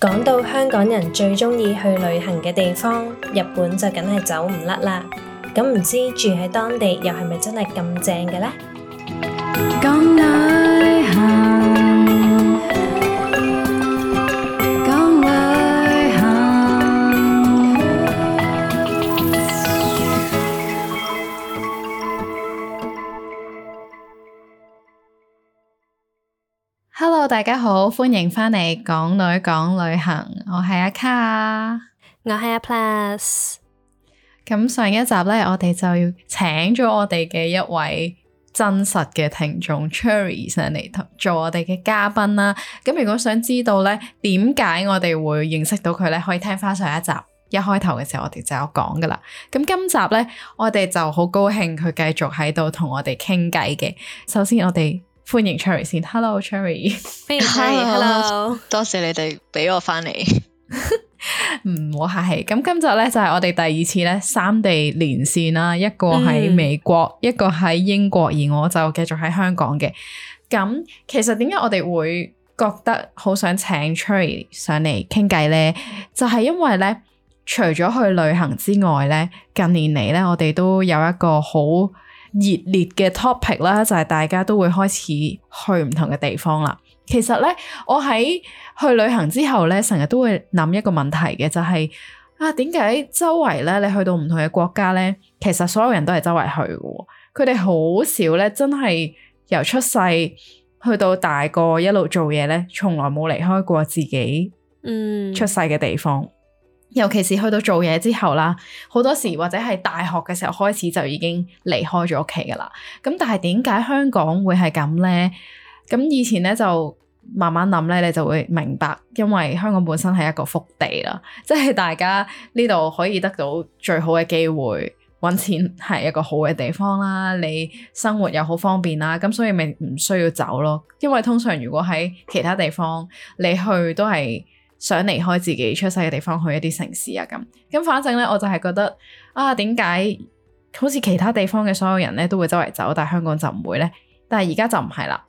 講到香港人最鍾意去旅行嘅地方，日本就梗係走唔甩啦。咁唔知住喺當地又係咪真係咁正嘅呢？ 大家好，歡迎翻嚟《港女講旅行》，我係阿卡，我係阿 Plus。咁上一集咧，我哋就要請咗我哋嘅一位真實嘅聽眾 Cherry 上嚟做我哋嘅嘉賓啦。咁如果想知道咧，點解我哋會認識到佢咧，可以聽翻上一集一開頭嘅時候我，我哋就有講噶啦。咁今集咧，我哋就好高興佢繼續喺度同我哋傾偈嘅。首先，我哋。歡迎 Cherry 先，Hello Cherry，歡迎 Cherry，Hello，多謝你哋俾我翻嚟，唔好客氣。咁今集咧就係我哋第二次咧三地連線啦，一個喺美國，嗯、一個喺英國，而我就繼續喺香港嘅。咁其實，點解我哋會覺得好想請 Cherry 上嚟傾偈咧？就係因為咧，除咗去旅行之外咧，近年嚟咧我哋都有一個好。熱烈嘅 topic 啦，就係大家都會開始去唔同嘅地方啦。其實咧，我喺去旅行之後咧，成日都會諗一個問題嘅，就係、是、啊點解周圍咧，你去到唔同嘅國家咧，其實所有人都係周圍去嘅，佢哋好少咧，真係由出世去到大個一路做嘢咧，從來冇離開過自己，嗯，出世嘅地方。嗯。尤其是去到做嘢之後啦，好多時或者係大學嘅時候開始就已經離開咗屋企噶啦。咁但係點解香港會係咁呢？咁以前咧就慢慢諗咧，你就會明白，因為香港本身係一個福地啦，即係大家呢度可以得到最好嘅機會，揾錢係一個好嘅地方啦，你生活又好方便啦，咁所以咪唔需要走咯。因為通常如果喺其他地方你去都係。想離開自己出世嘅地方去一啲城市啊，咁咁反正咧我就係覺得啊，點解好似其他地方嘅所有人咧都會周圍走，但係香港就唔會呢？但係而家就唔係啦，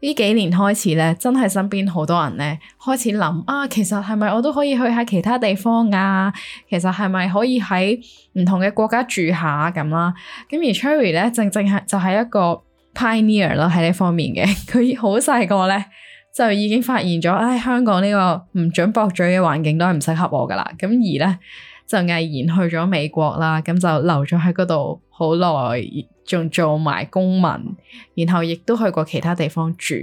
呢幾年開始咧，真係身邊好多人咧開始諗啊，其實係咪我都可以去下其他地方啊？其實係咪可以喺唔同嘅國家住下咁、啊、啦？咁、啊、而 Cherry 咧正正係就係、是、一個 pioneer 咯喺呢方面嘅，佢好細個咧。就已經發現咗，唉、哎，香港呢個唔準駁嘴嘅環境都係唔適合我噶啦。咁而呢，就毅然去咗美國啦，咁就留咗喺嗰度好耐，仲做埋公民，然後亦都去過其他地方住。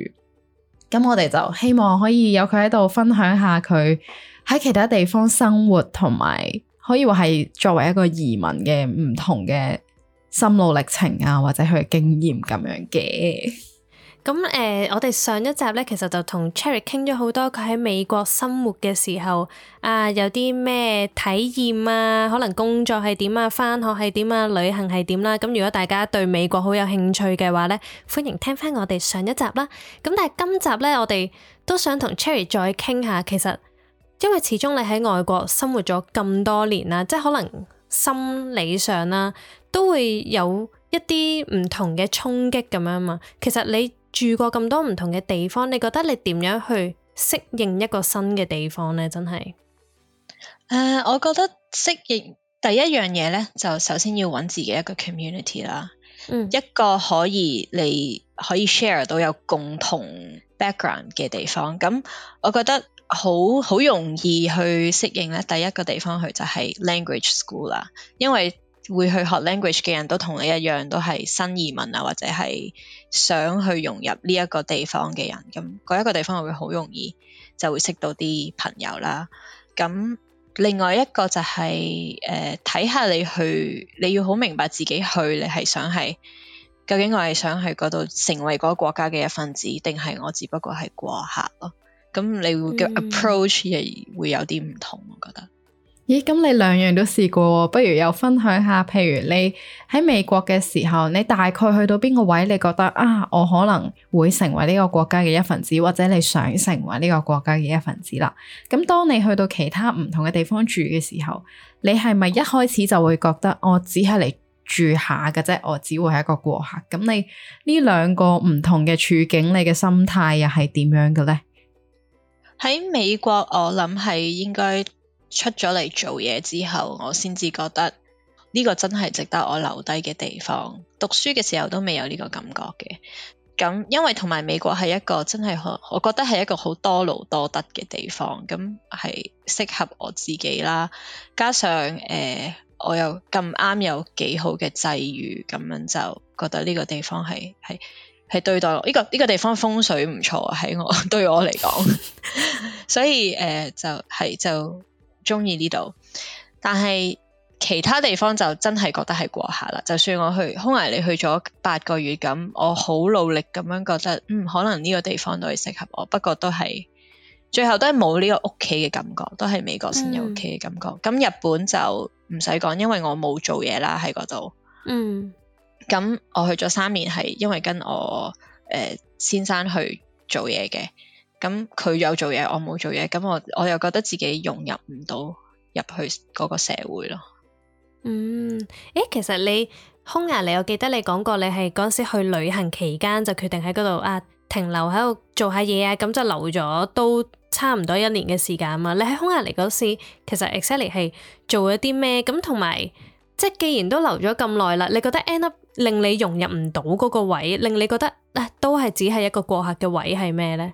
咁我哋就希望可以有佢喺度分享下佢喺其他地方生活，同埋可以話係作為一個移民嘅唔同嘅心路歷程啊，或者佢嘅經驗咁樣嘅。咁誒、呃，我哋上一集呢，其實就同 Cherry 傾咗好多，佢喺美國生活嘅時候啊，有啲咩體驗啊，可能工作係點啊，返學係點啊，旅行係點啦。咁如果大家對美國好有興趣嘅話呢，歡迎聽返我哋上一集啦。咁但係今集呢，我哋都想同 Cherry 再傾下，其實因為始終你喺外國生活咗咁多年啦，即係可能心理上啦、啊，都會有一啲唔同嘅衝擊咁樣嘛。其實你，住過咁多唔同嘅地方，你覺得你點樣去適應一個新嘅地方呢？真係，誒，uh, 我覺得適應第一樣嘢咧，就首先要揾自己一個 community 啦，嗯，一個可以你可以 share 到有共同 background 嘅地方。咁我覺得好好容易去適應咧。第一個地方佢就係 language school 啦，因為，會去學 language 嘅人都同你一樣，都係新移民啊，或者係想去融入呢一個地方嘅人。咁嗰一個地方會好容易就會識到啲朋友啦。咁另外一個就係、是、誒，睇、呃、下你去，你要好明白自己去，你係想係究竟我係想喺嗰度成為嗰個國家嘅一份子，定係我只不過係過客咯？咁你會嘅、嗯、approach 亦會有啲唔同，我覺得。咦，咁你兩樣都試過、哦，不如又分享下。譬如你喺美國嘅時候，你大概去到邊個位，你覺得啊，我可能會成為呢個國家嘅一份子，或者你想成為呢個國家嘅一份子啦。咁當你去到其他唔同嘅地方住嘅時候，你係咪一開始就會覺得我、哦、只係嚟住下嘅啫，我只會係一個過客？咁你呢兩個唔同嘅處境，你嘅心態又係點樣嘅呢？喺美國，我諗係應該。出咗嚟做嘢之後，我先至覺得呢個真係值得我留低嘅地方。讀書嘅時候都未有呢個感覺嘅。咁因為同埋美國係一個真係，我我覺得係一個好多勞多得嘅地方。咁係適合我自己啦。加上誒、呃，我又咁啱有幾好嘅際遇，咁樣就覺得呢個地方係係係對待呢、呢個呢、呢個地方風水唔錯，喺我對我嚟講， 所以誒就係就。中意呢度，但係其他地方就真係覺得係過客啦。就算我去匈牙利去咗八個月，咁我好努力咁樣覺得，嗯，可能呢個地方都係適合我，不過都係最後都係冇呢個屋企嘅感覺，都係美國先有屋企嘅感覺。咁、嗯、日本就唔使講，因為我冇做嘢啦喺嗰度。嗯，咁我去咗三年係因為跟我誒、呃、先生去做嘢嘅。咁佢有做嘢，我冇做嘢，咁我我又覺得自己融入唔到入去嗰個社會咯。嗯，誒，其實你匈牙利，我記得你講過，你係嗰時去旅行期間就決定喺嗰度啊，停留喺度做下嘢啊，咁就留咗都差唔多一年嘅時間啊嘛。你喺匈牙利嗰時，其實 exactly 係做咗啲咩？咁同埋即係既然都留咗咁耐啦，你覺得 end up 令你融入唔到嗰個位，令你覺得啊都係只係一個過客嘅位係咩呢？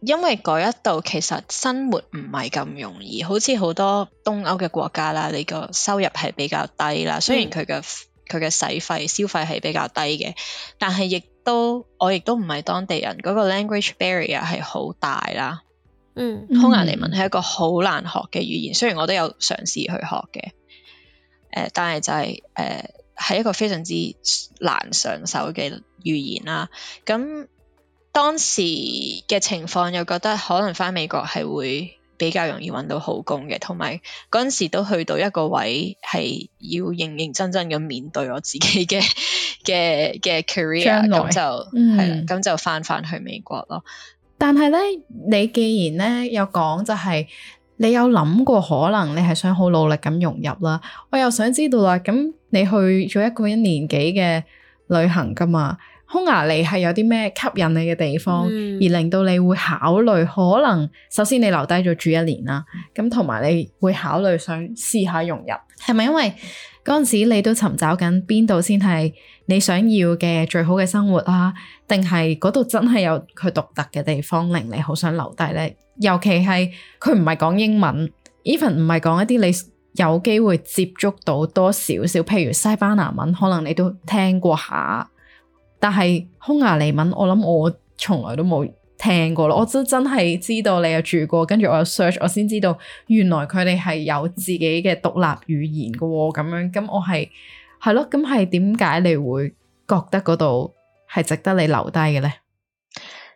因為嗰一度其實生活唔係咁容易，好似好多東歐嘅國家啦，你個收入係比較低啦。雖然佢嘅佢嘅使費消費係比較低嘅，但係亦都我亦都唔係當地人，嗰、嗰個 language barrier 係好大啦。嗯，匈牙利文係一個好難學嘅語言，嗯、雖然我都有嘗試去學嘅，誒、呃，但係就係誒係一個非常之難上手嘅語言啦。咁當時嘅情況又覺得可能返美國係會比較容易揾到好工嘅，同埋嗰陣時都去到一個位係要認認真真咁面對我自己嘅嘅嘅 career，咁來就係啦，咁、嗯、就返返去美國咯。但係呢，你既然呢有講就係、是、你有諗過可能你係想好努力咁融入啦，我又想知道啦，咁你去咗一個一年幾嘅旅行㗎嘛？匈牙利係有啲咩吸引你嘅地方，嗯、而令到你會考慮可能首先你留低咗住一年啦，咁同埋你會考慮想試下融入，係咪因為嗰陣時你都尋找緊邊度先係你想要嘅最好嘅生活啊？定係嗰度真係有佢獨特嘅地方令你好想留低咧？尤其係佢唔係講英文，even 唔係講一啲你有機會接觸到多少少，譬如西班牙文，可能你都聽過下。但係匈牙利文，我諗我從來都冇聽過我真真係知道你有住過，跟住我有 search，我先知道原來佢哋係有自己嘅獨立語言噶喎、哦。咁樣，咁我係係咯，咁係點解你會覺得嗰度係值得你留低嘅呢？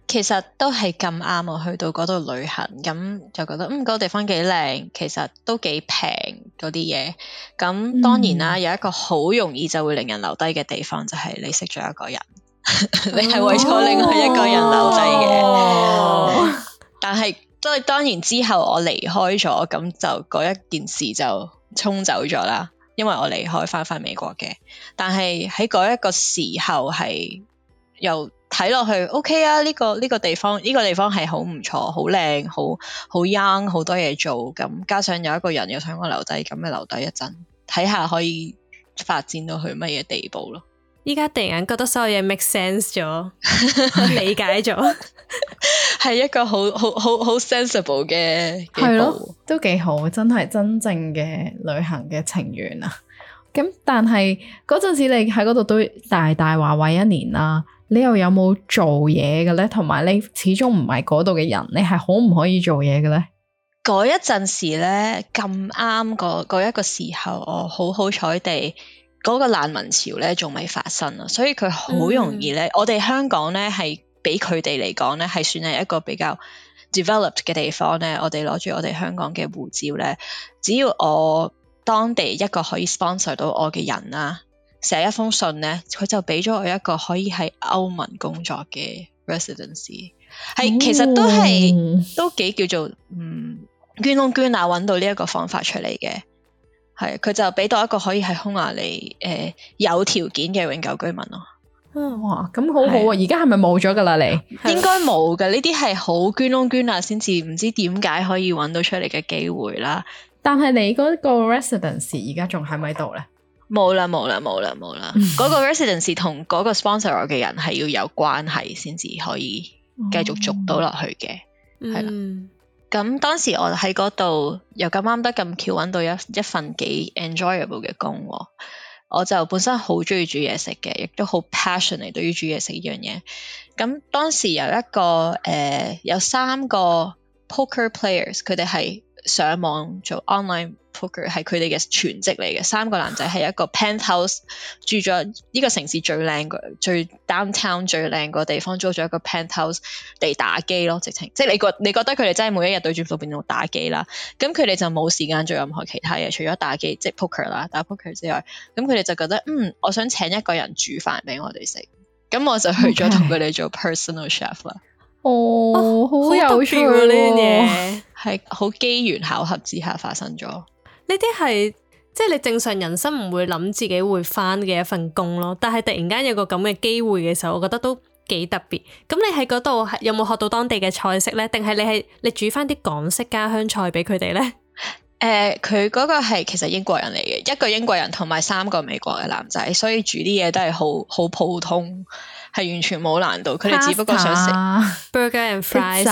其實都係咁啱，我去到嗰度旅行，咁就覺得，嗯，嗰、嗰個地方幾靚，其實都幾平嗰啲嘢。咁當然啦，嗯、有一個好容易就會令人留低嘅地方，就係、是、你識咗一個人， 你係為咗另外一個人留低嘅。哦、但係都係當然之後我離開咗，咁就嗰一件事就沖走咗啦。因為我離開翻翻美國嘅，但係喺嗰一個時候係又。睇落去 OK 啊，呢個呢個地方呢個地方係好唔錯，好靚，好好 young，好多嘢做。咁加上有一個人又想我留低，咁咪留低一陣，睇下可以發展到去乜嘢地步咯。依家突然間覺得所有嘢 make sense 咗， 理解咗，係一個好好好好 sensible 嘅係咯，都幾好，真係真正嘅旅行嘅情緣啊。咁 但係嗰陣時你喺嗰度都大大話話一年啦。你又有冇做嘢嘅咧？同埋你始終唔係嗰度嘅人，你係可唔可以做嘢嘅咧？嗰一陣時咧，咁啱，嗰、嗰個、一個時候，我好好彩地嗰個難民潮咧仲未發生啊，所以佢好容易咧。嗯、我哋香港咧係畀佢哋嚟講咧係算係一個比較 developed 嘅地方咧。我哋攞住我哋香港嘅護照咧，只要我當地一個可以 sponsor 到我嘅人啦。寫一封信咧，佢就俾咗我一個可以喺歐盟工作嘅 residency，係、嗯、其實都係都幾叫做嗯捐窿捐啊，揾到呢一個方法出嚟嘅。係，佢就俾到一個可以喺匈牙利誒、呃、有條件嘅永久居民咯。哇，咁好好啊！而家係咪冇咗噶啦？你的應該冇嘅，呢啲係好捐窿捐啊先至唔知點解可以揾到出嚟嘅機會啦。但係你嗰個 residency 而家仲喺咪度咧？冇啦冇啦冇啦冇啦，嗰 個 residence 同嗰個 sponsor 嘅人係要有關係先至可以繼續續到落去嘅，係啦。咁當時我喺嗰度又咁啱得咁巧揾到一一份幾 enjoyable 嘅工，我就本身好中意煮嘢食嘅，亦都好 passionate 對於煮嘢食呢樣嘢。咁當時有一個誒、呃、有三個 poker players，佢哋係。上網做 online poker 係佢哋嘅全職嚟嘅。三個男仔係一個 penthouse 住咗呢個城市最靚個最 downtown 最靚個地方，租咗一個 penthouse 地打機咯，直情。即係你覺你覺得佢哋真係每一日對住部電腦打機啦。咁佢哋就冇時間做任何其他嘢，除咗打機即係 poker 啦，打 poker 之外，咁佢哋就覺得嗯，我想請一個人煮飯俾我哋食。咁我就去咗同佢哋做 personal chef 啦。Okay . Oh, 哦，好有趣，哦。 係好機緣巧合之下發生咗，呢啲係即係你正常人生唔會諗自己會翻嘅一份工咯，但係突然間有個咁嘅機會嘅時候，我覺得都幾特別。咁你喺嗰度有冇學到當地嘅菜式呢？定係你係你煮翻啲港式家鄉菜俾佢哋呢？誒、呃，佢嗰個係其實英國人嚟嘅，一個英國人同埋三個美國嘅男仔，所以煮啲嘢都係好好普通。.係完全冇難度，佢哋 P asta, 只不過想食。Burger and fries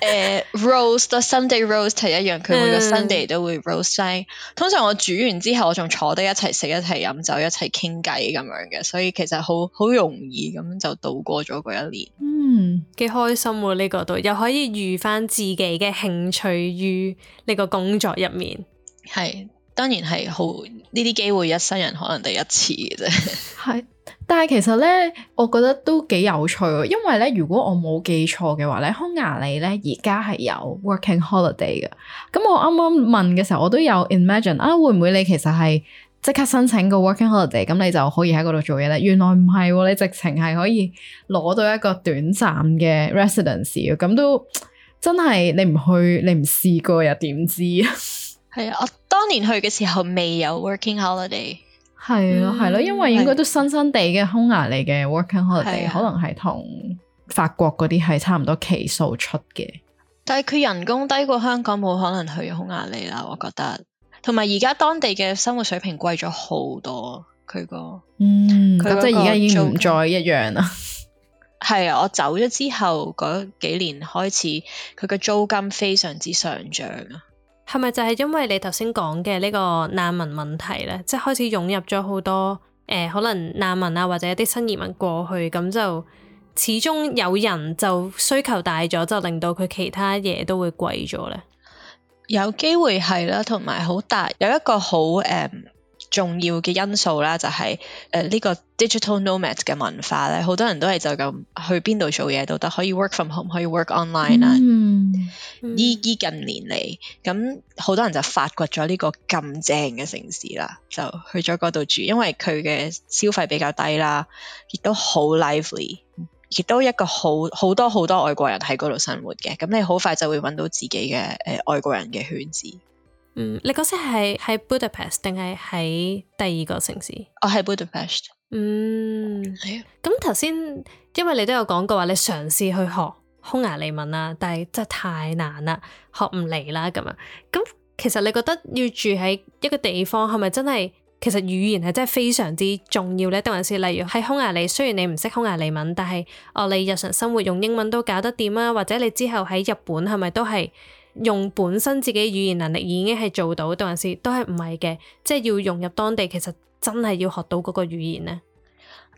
誒，roast，Sunday Pizza, uh, roast 係 roast 一樣，佢每個 Sunday、um, 都會 roast、right？通常我煮完之後，我仲坐低一齊食，一齊飲酒，一齊傾偈咁樣嘅，所以其實好好容易咁就度過咗嗰一年。嗯，幾開心喎，呢個度又可以預返自己嘅興趣於呢個工作入面。係，當然係好，呢啲機會，一生人可能第一次嘅啫。係 但係其實咧，我覺得都幾有趣喎。因為咧，如果我冇記錯嘅話咧，匈牙利咧而家係有 Working Holiday 嘅。咁我啱啱問嘅時候，我都有 Imagine 啊，會唔會你其實係即刻申請個 Working Holiday，咁你就可以喺嗰度做嘢咧？原來唔係喎，你直情係可以攞到一個短暫嘅 Residence 嘅。咁都真係你唔去，你唔試過又點知啊？係 啊，我當年去嘅時候未有 Working Holiday。係咯，係咯，因為應該都新新地嘅匈牙利嘅 working holiday 的可能係同法國嗰啲係差唔多期數出嘅，但係佢人工低過香港，冇可能去匈牙利啦，我覺得。同埋而家當地嘅生活水平貴咗好多，佢個，嗯，他的 即係而家已經唔再一樣啦。係啊，我走咗之後嗰幾年開始，佢個租金非常之上漲啊。係咪就係因為你頭先講嘅呢個難民問題呢？即係開始湧入咗好多誒、呃，可能難民啊或者一啲新移民過去，咁就始終有人就需求大咗，就令到佢其他嘢都會貴咗呢？有機會係啦，同埋好大，有一個好誒。Um 重要嘅因素啦，就是，就係誒呢個 digital nomad 嘅文化咧，好多人都係就咁去邊度做嘢，都得，可以 work from home，可以 work online 啦，嗯。嗯。依依近年嚟，咁、嗯、好多人就發掘咗呢個咁正嘅城市啦，就去咗嗰度住，因為佢嘅消費比較低啦，亦都好 lively，亦都一個好好多好多外國人喺嗰度生活嘅，咁、嗯、你好快就會揾到自己嘅誒、呃、外國人嘅圈子。嗯，你嗰時係喺 Budapest 定係喺第二個城市？哦，係布達佩斯。嗯，係啊。咁頭先，因為你都有講過話，你嘗試去學匈牙利文啦，但係真係太難啦，學唔嚟啦咁啊。咁其實你覺得要住喺一個地方，係咪真係其實語言係真係非常之重要咧？定還是例如喺匈牙利，雖然你唔識匈牙利文，但係哦，你日常生活用英文都搞得掂啊，或者你之後喺日本係咪都係？用本身自己語言能力已經係做到，但係都係唔係嘅，即係要融入當地，其實真係要學到嗰個語言咧。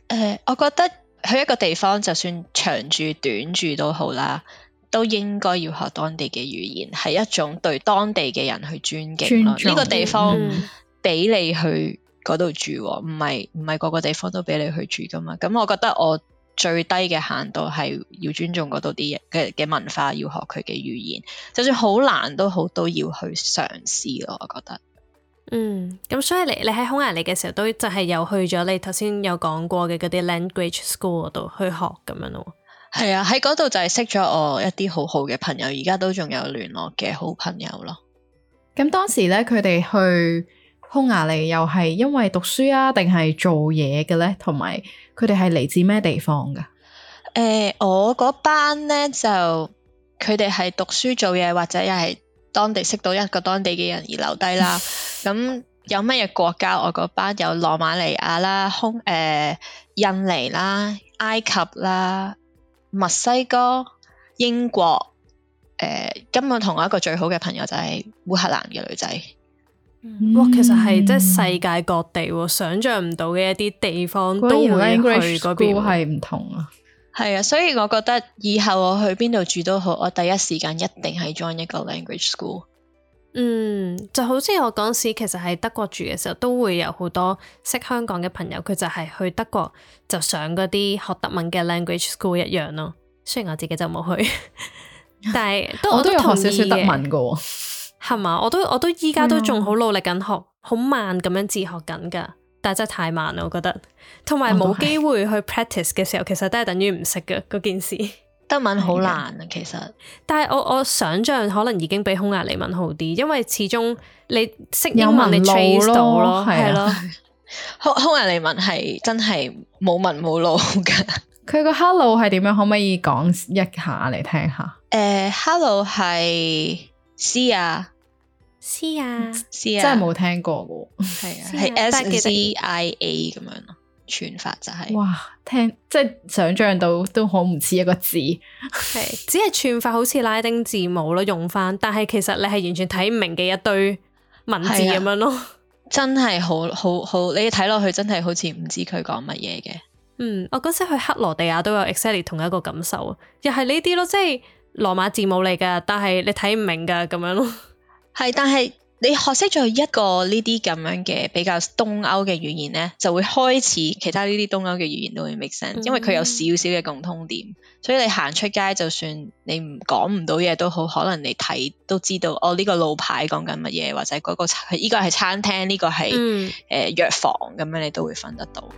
誒、呃，我覺得去一個地方，就算長住短住都好啦，都應該要學當地嘅語言，係一種對當地嘅人去尊敬咯。呢重個地方俾、嗯、你去嗰度住，唔係唔係個個地方都俾你去住噶嘛？咁我覺得我。最低嘅限度係要尊重嗰度啲嘅嘅文化，要學佢嘅語言，就算好難都好都要去嘗試咯。我覺得，嗯，咁所以你你喺匈牙利嘅時候都就係有去咗你頭先有講過嘅嗰啲 language school 嗰度去學咁樣咯。係啊，喺嗰度就係識咗我一啲好好嘅朋友，而家都仲有聯絡嘅好朋友咯。咁當時咧，佢哋去。匈牙利又係因為讀書啊，定係做嘢嘅咧？同埋佢哋係嚟自咩地方嘅？誒、欸，我嗰班咧就佢哋係讀書做嘢，或者又係當地識到一個當地嘅人而留低啦。咁 有乜嘢國家？我嗰班有羅馬尼亞啦、匈誒、呃、印尼啦、埃及啦、墨西哥、英國。誒、呃，今日同我一個最好嘅朋友就係烏克蘭嘅女仔。嗯、哇，其實係即係世界各地，嗯、想象唔到嘅一啲地方都會去邊。school 係唔同啊，係啊，所以我覺得以後我去邊度住都好，我第一時間一定係 join 一個 language school。嗯，就好似我嗰時其實喺德國住嘅時候，都會有好多識香港嘅朋友，佢就係去德國就上嗰啲學德文嘅 language school 一樣咯。雖然我自己就冇去， 但係 我都有學少少德文嘅。 係嘛？我都我都依家都仲好努力緊學，好慢咁樣自學緊噶，但係真係太慢啦，我覺得。同埋冇機會去 practice 嘅時候，其實都係等於唔識噶嗰件事。德文好難啊，其實。但係我我想象可能已經比匈牙利文好啲，因為始終你識英文，你 trace 到咯囉，係咯了。匈匈牙利文係真係冇文冇路噶。佢個 hello 係點樣？可唔可以講一下嚟聽下？誒、uh，hello 係。C 啊，C 啊，C 啊，真係冇聽過噶，係啊，係 S 和 CIA 咁樣咯，串法就係哇，聽即係想象到都好唔似一個字，係 只係串法好似拉丁字母咯，用翻，但係其實你係完全睇唔明嘅一堆文字咁、啊、樣咯，真係好好好，你睇落去真係好似唔知佢講乜嘢嘅，嗯，我嗰時去克羅地亞都有 Excel 同一個感受，又係呢啲咯，即係。羅馬字母嚟噶，但係你睇唔明噶咁樣咯。係， 但係你學識咗一個呢啲咁樣嘅比較東歐嘅語言咧，就會開始其他呢啲東歐嘅語言都會 make sense，因為佢有少少嘅共通點。嗯、所以你行出街，就算你唔講唔到嘢都好，可能你睇都知道，哦呢、這個路牌講緊乜嘢，或者嗰、那個依、這個係餐廳，呢、這個係誒藥房咁樣，你都會瞓得到。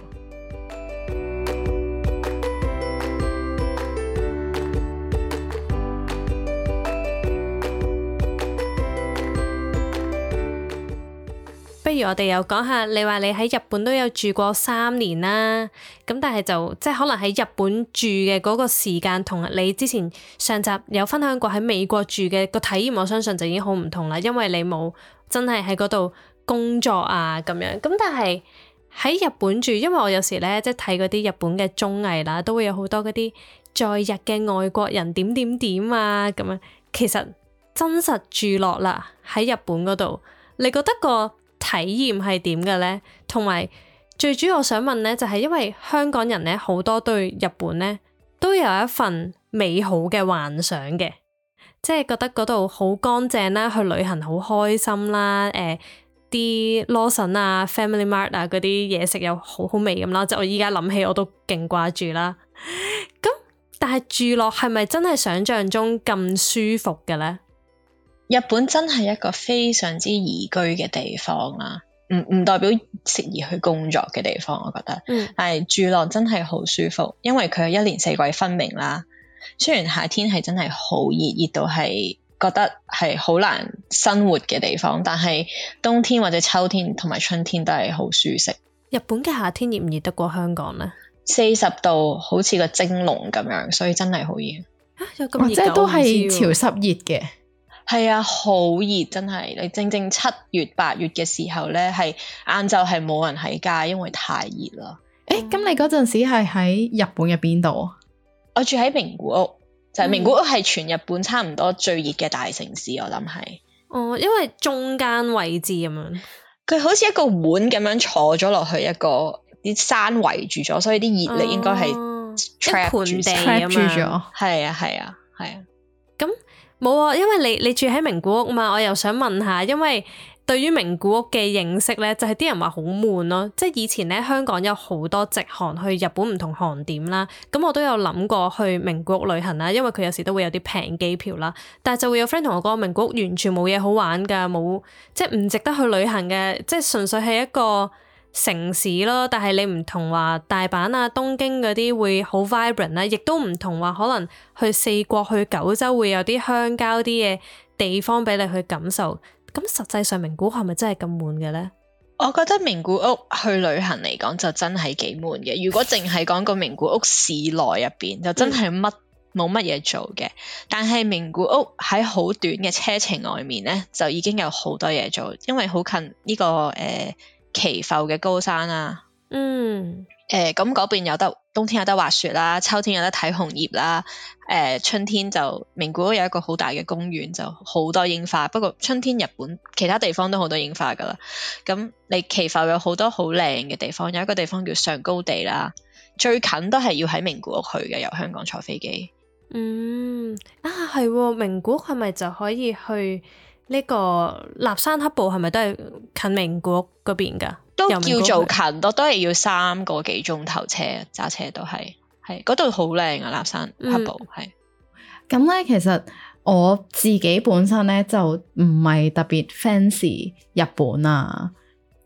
不如我哋又講下，你話你喺日本都有住過三年啦、啊。咁但係就即係可能喺日本住嘅嗰個時間，同你之前上集有分享過喺美國住嘅個體驗，我相信就已經好唔同啦。因為你冇真係喺嗰度工作啊，咁樣咁。但係喺日本住，因為我有時咧即係睇嗰啲日本嘅綜藝啦，都會有好多嗰啲在日嘅外國人點點點啊，咁樣，其實真實住落啦，喺日本嗰度，你覺得個？體驗係點嘅咧？同埋最主要我想問咧，就係因為香港人咧好多對日本咧都有一份美好嘅幻想嘅，即係覺得嗰度好乾淨啦，去旅行好開心啦，誒啲 Lawson 啊、Family Mart 啊嗰啲嘢食又好好味咁啦。即係我依家諗起我都勁掛住啦。咁但係住落係咪真係想像中咁舒服嘅咧？日本真係一個非常之宜居嘅地方啦，唔唔代表適宜去工作嘅地方，我覺得。嗯。但係住落真係好舒服，因為佢係一年四季分明啦。雖然夏天係真係好熱，熱到係覺得係好難生活嘅地方，但係冬天或者秋天同埋春天都係好舒適。日本嘅夏天熱唔熱得過香港咧？四十度好似個蒸籠咁樣，所以真係好熱。吓、啊，有咁熱？哦，即係都係潮濕熱嘅。係啊，好熱真係！你正正七月八月嘅時候咧，係晏晝係冇人喺街，因為太熱啦。誒、欸，咁你嗰陣時係喺日本嘅邊度？我住喺名古屋，就係、係、名古屋係全日本差唔多最熱嘅大城市，嗯、我諗係。哦，因為中間位置咁樣。佢好似一個碗咁樣坐咗落去，一個啲山圍住咗，所以啲熱力應該係、哦、一盆地住咗，係啊，係啊，係啊。冇啊，因為你你住喺名古屋嘛，我又想問下，因為對於名古屋嘅認識咧，就係啲人話好悶咯，即係以前咧香港有好多直航去日本唔同航點啦，咁我都有諗過去名古屋旅行啦，因為佢有時都會有啲平機票啦，但係就會有 friend 同我講名古屋完全冇嘢好玩噶，冇即係唔值得去旅行嘅，即係純粹係一個城市咯，但係你唔同話大阪啊、東京嗰啲會好 vibrant 咧、啊，亦都唔同話可能去四國、去九州會有啲鄉郊啲嘢地方俾你去感受。咁實際上名古屋係咪真係咁悶嘅呢？我覺得名古屋去旅行嚟講就真係幾悶嘅。如果淨係講個名古屋市內入邊， 就真係乜冇乜嘢做嘅。嗯、但係名古屋喺好短嘅車程外面呢，就已經有好多嘢做，因為好近呢、呢個誒。呃岐阜嘅高山啦、啊，嗯，誒、呃，咁嗰邊有得冬天有得滑雪啦，秋天有得睇紅葉啦，誒、呃，春天就名古屋有一個好大嘅公園，就好多櫻花。不過春天日本其他地方都好多櫻花噶啦，咁你岐阜有好多好靚嘅地方，有一個地方叫上高地啦，最近都係要喺名古屋去嘅，由香港坐飛機。嗯，啊係，名古屋係咪就可以去？呢、這個立山黑部係咪都係近名古屋嗰邊噶？都叫做近，都都係要三個幾個鐘頭車，揸車都係。係嗰度好靚啊！立山黑部係。咁咧、嗯是，其實我自己本身咧就唔係特別 fancy 日本啊。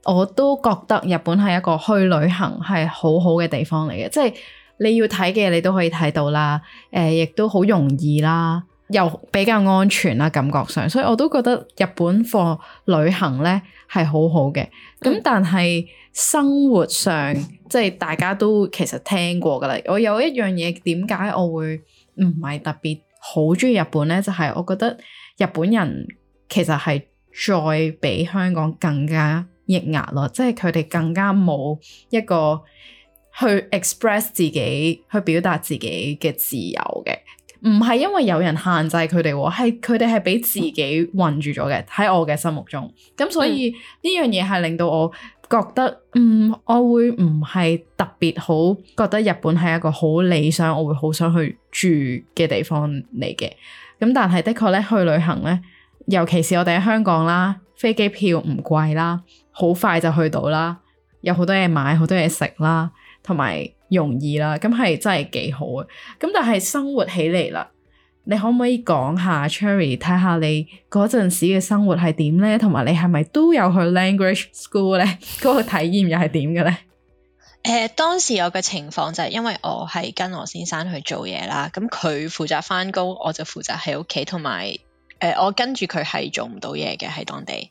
我都覺得日本係一個去旅行係好好嘅地方嚟嘅，即、就、係、是、你要睇嘅你都可以睇到啦。誒、呃，亦都好容易啦。又比較安全啦、啊，感覺上，所以我都覺得日本貨旅行呢係好好嘅。咁但係生活上，即係大家都其實聽過噶啦。我有一樣嘢，點解我會唔係特別好中意日本呢？就係、是、我覺得日本人其實係再比香港更加抑壓咯，即係佢哋更加冇一個去 express 自己、去表達自己嘅自由嘅。唔係因為有人限制佢哋喎，係佢哋係俾自己困住咗嘅喺我嘅心目中。咁所以呢、嗯、樣嘢係令到我覺得，嗯，我會唔係特別好覺得日本係一個好理想，我會好想去住嘅地方嚟嘅。咁但係的確咧，去旅行咧，尤其是我哋喺香港啦，飛機票唔貴啦，好快就去到啦，有好多嘢買，好多嘢食啦，同埋。容易啦，咁係真係幾好啊！咁但係生活起嚟啦，你可唔可以講下 Cherry 睇下你嗰陣時嘅生活係點呢？同埋你係咪都有去 language school 呢？嗰個體驗又係點嘅呢？誒，當時我嘅情況就係因為我係跟我先生去做嘢啦，咁佢負責翻工，我就負責喺屋企，同埋誒我跟住佢係做唔到嘢嘅喺當地。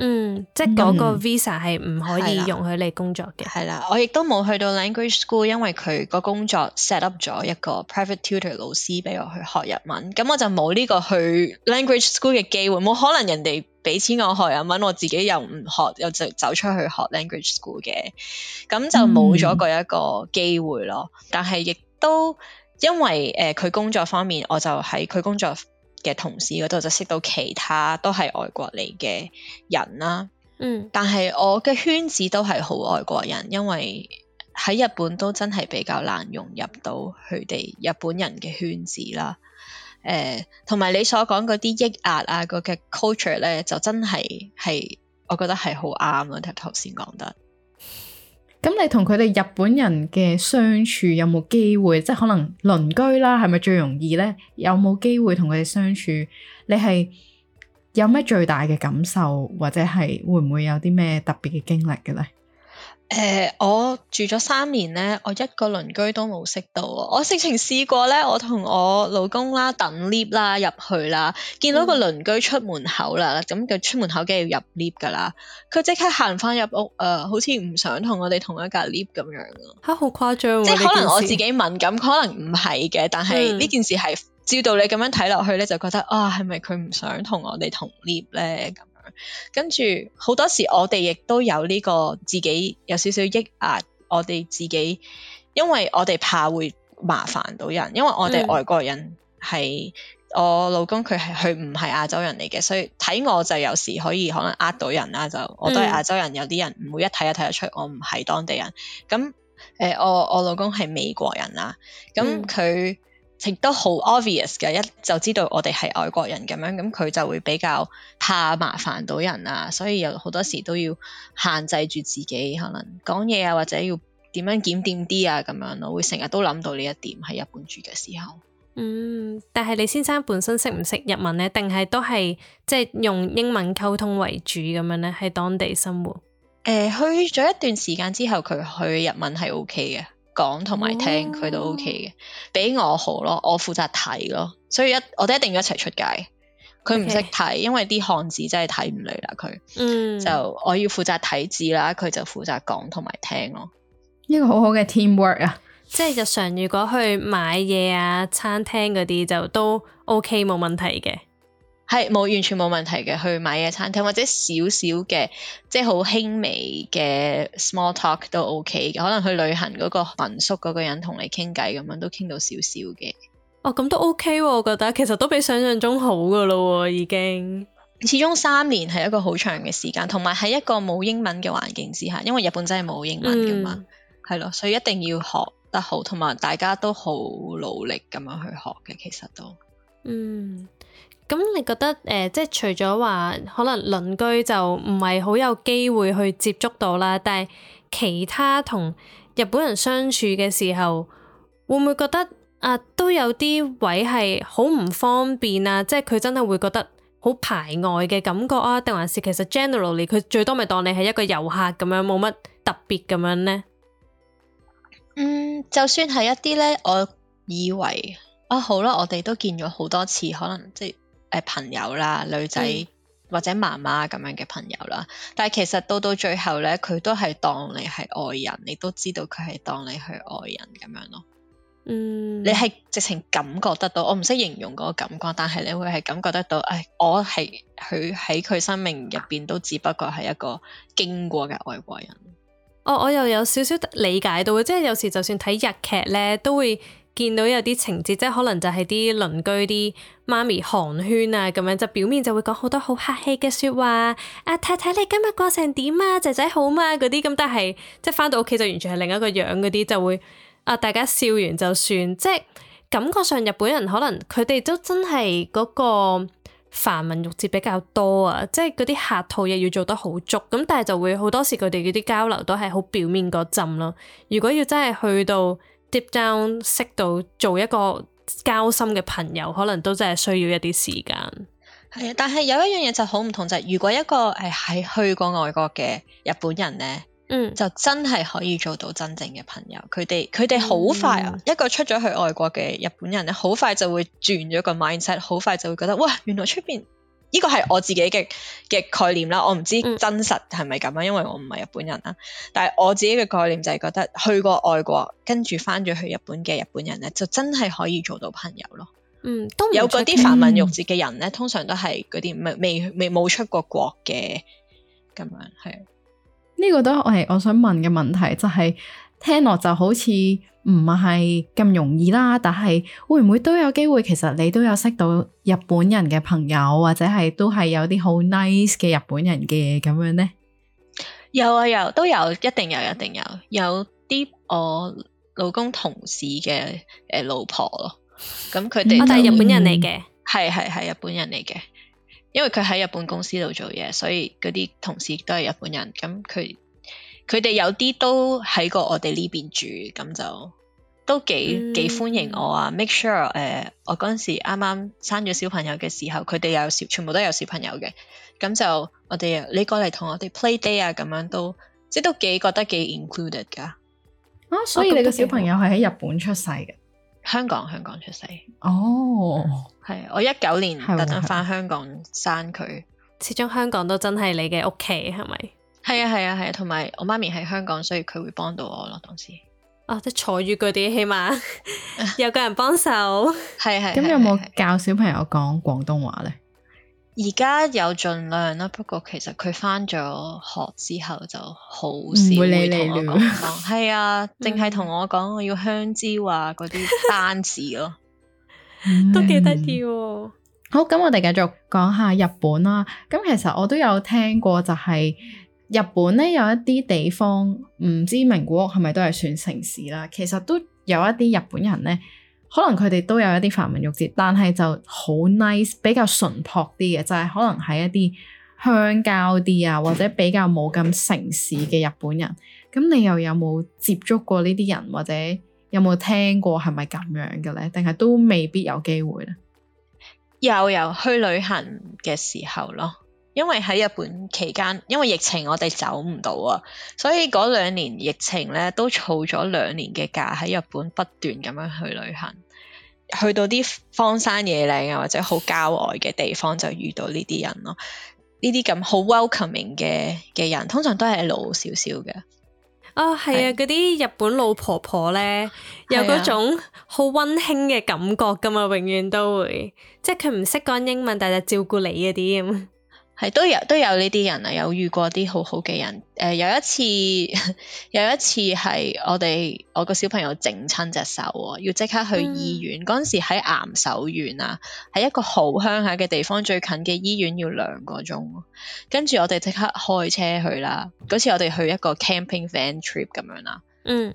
嗯，即係嗰個 visa 係唔、嗯、可以容許你工作嘅。係啦，我亦都冇去到 language school，因為佢個工作 set up 咗一個 private tutor 老師俾我去學日文，咁我就冇呢個去 language school 嘅機會，冇可能人哋俾錢我學日文，我自己又唔學又就走出去學 language school 嘅，咁就冇咗嗰一個機會咯。嗯、但係亦都因為誒佢、呃、工作方面，我就喺佢工作嘅同事嗰度就識到其他都係外國嚟嘅人啦，嗯，但係我嘅圈子都係好外國人，因為喺日本都真係比較難融入到佢哋日本人嘅圈子啦。誒、呃，同埋你所講嗰啲抑壓啊，嗰嘅 culture 咧，就真係，係我覺得，係好啱啊，頭頭先講得。咁你同佢哋日本人嘅相處有冇機會？即係可能鄰居啦，係咪最容易咧？有冇機會同佢哋相處？你係有咩最大嘅感受，或者係會唔會有啲咩特別嘅經歷嘅咧？誒、呃，我住咗三年咧，我一個鄰居都冇識到。我直情試過咧，我同我老公啦，等 lift 啦入去啦，見到個鄰居出門口啦，咁佢出門口梗係要入 lift 噶啦，佢即刻行翻入屋、呃、啊，好似唔想同我哋同一格 lift 咁樣啊！好誇張喎！即係可能我自己敏感，可能唔係嘅，但係呢件事係、嗯、照道理咁樣睇落去咧，就覺得啊，係咪佢唔想同我哋同 lift 咧？跟住好多時，我哋亦都有呢個自己有少少抑壓，我哋自己，因為我哋怕會麻煩到人，因為我哋外國人係、嗯、我老公，佢係佢唔係亞洲人嚟嘅，所以睇我就有時可以可能呃到人啦，就我都係亞洲人，嗯、有啲人唔會一睇就睇得出我唔係當地人。咁誒、呃，我我老公係美國人啦，咁佢。嗯亦都好 obvious 嘅，一就知道我哋係外國人咁樣，咁佢就會比較怕麻煩到人啊，所以有好多時都要限制住自己，可能講嘢啊，或者要點樣檢點啲啊咁樣咯，會成日都諗到呢一點喺日本住嘅時候。嗯，但係你先生本身識唔識日文咧？定係都係即係用英文溝通為主咁樣咧？喺當地生活。誒、呃，去咗一段時間之後，佢去日文係 OK 嘅。講同埋聽佢都 O K 嘅，比我好咯，我負責睇咯，所以一我哋一定要一齊出街。佢唔識睇，Okay. 因為啲漢字真係睇唔嚟啦。佢，嗯，就我要負責睇字啦，佢就負責講同埋聽咯。一個好好嘅 teamwork 啊， 即係日常如果去買嘢啊、餐廳嗰啲就都 O K 冇問題嘅。係冇完全冇問題嘅，去買嘢、餐廳或者少少嘅即係好輕微嘅 small talk 都 OK 嘅。可能去旅行嗰個民宿嗰個人同你傾偈咁樣都傾到少少嘅。哦，咁都 OK 喎，我覺得其實都比想像中好噶咯，已經。始終三年係一個好長嘅時間，同埋喺一個冇英文嘅環境之下，因為日本真係冇英文噶嘛，係咯、嗯，所以一定要學得好，同埋大家都好努力咁樣去學嘅，其實都嗯。咁你覺得誒、呃，即係除咗話可能鄰居就唔係好有機會去接觸到啦，但係其他同日本人相處嘅時候，會唔會覺得啊都有啲位係好唔方便啊？即係佢真係會覺得好排外嘅感覺啊？定還是其實 generally 佢最多咪當你係一個遊客咁樣，冇乜特別咁樣呢？嗯，就算係一啲呢，我以為啊好啦，我哋都見咗好多次，可能即係。誒，朋友啦，女仔、嗯、或者媽媽咁樣嘅朋友啦，但係其實到到最後咧，佢都係當你係外人，你都知道佢係當你係外人咁樣咯。嗯，你係直情感覺得到，我唔識形容嗰個感覺，但係你會係感覺得到，誒，我係佢喺佢生命入邊都只不過係一個經過嘅外國人。哦，我又有少少理解到，即係有時就算睇日劇咧，都會。見到有啲情節，即係可能就係啲鄰居啲媽咪寒暄啊，咁樣就表面就會講好多好客氣嘅説話，啊太太，你今日過成點啊？仔仔好嗎？嗰啲，咁但係即係翻到屋企就完全係另一個樣嗰啲，就會啊大家笑完就算，即係感覺上日本人可能佢哋都真係嗰個繁文縟節比較多啊，即係嗰啲客套嘢要做得好足，咁但係就會好多時佢哋嗰啲交流都係好表面嗰陣咯。如果要真係去到，deep down 識到做一個交心嘅朋友，可能都真係需要一啲時間。係啊，但係有一樣嘢就好唔同就係、是，如果一個誒係去過外國嘅日本人咧，嗯，就真係可以做到真正嘅朋友。佢哋佢哋好快啊！嗯、一個出咗去外國嘅日本人咧，好快就會轉咗個 mindset，好快就會覺得哇，原來出邊。呢個係我自己嘅嘅概念啦，我唔知真實係咪咁樣，因為我唔係日本人啊。但係我自己嘅概念就係覺得，去過外國跟住翻咗去日本嘅日本人咧，就真係可以做到朋友咯。嗯，都有嗰啲繁文縟節嘅人咧，通常都係嗰啲未未冇出過國嘅咁樣係。呢個都係我係我想問嘅問題，就係聽落就好似。唔係咁容易啦，但係會唔會都有機會？其實你都有識到日本人嘅朋友，或者係都係有啲好 nice 嘅日本人嘅咁樣呢，有啊有，都有一定有一定有，有啲我老公同事嘅誒老婆咯，咁佢哋都係日本人嚟嘅，係，係係日本人嚟嘅，因為佢喺日本公司度做嘢，所以嗰啲同事都係日本人，咁佢。佢哋有啲都喺過我哋呢邊住，咁就都幾、嗯、幾歡迎我啊！Make sure，誒、呃，我嗰陣時啱啱生咗小朋友嘅時候，佢哋有小，全部都有小朋友嘅，咁就我哋你過嚟同我哋 play day 啊，咁樣都即係都幾覺得幾 included 㗎、啊。所以你個小朋友係喺日本出世嘅？哦、香港，香港出世。哦，係，我一九年是是特登返香港生佢。始終香港都真係你嘅屋企，係咪？係啊係啊係啊，同埋我媽咪喺香港，所以佢會幫到我咯。當時啊，即係坐住嗰啲，起碼有個人幫手。係啊，咁有冇教小朋友講廣東話咧？而家有盡量啦，不過其實佢翻咗學之後就好少會同我講。係啊，淨係同我講我要香蕉啊，嗰啲單詞咯，都幾得啲喎。好，咁我哋繼續講下日本啦。咁其實我都有聽過，就係。日本咧有一啲地方唔知名古屋係咪都係算城市啦，其實都有一啲日本人咧，可能佢哋都有一啲繁文縟節，但係就好 nice，比較淳樸啲嘅，就係、是、可能係一啲鄉郊啲啊，或者比較冇咁城市嘅日本人。咁你又有冇接觸過呢啲人，或者有冇聽過係咪咁樣嘅咧？定係都未必有機會啦。又有去旅行嘅時候咯。因為喺日本期間，因為疫情我哋走唔到啊，所以嗰兩年疫情咧都儲咗兩年嘅假，喺日本不斷咁樣去旅行，去到啲荒山野嶺啊，或者好郊外嘅地方就遇到呢啲人咯，呢啲咁好 welcoming 嘅嘅人，通常都係老少少嘅。哦、啊，係啊是，嗰啲日本老婆婆咧，有嗰種好溫馨嘅感覺噶嘛，永遠都會，即係佢唔識講英文，但係照顧你嗰啲咁。係都有都有呢啲人啊，有遇過啲好好嘅人。誒、呃、有一次， 有一次係我哋我個小朋友整親隻手啊，要即刻去醫院。嗰陣、嗯、時喺岩手縣啊，喺一個好鄉下嘅地方，最近嘅醫院要兩個鐘。跟住我哋即刻開車去啦。嗰次我哋去一個 camping van trip 咁樣啦。嗯。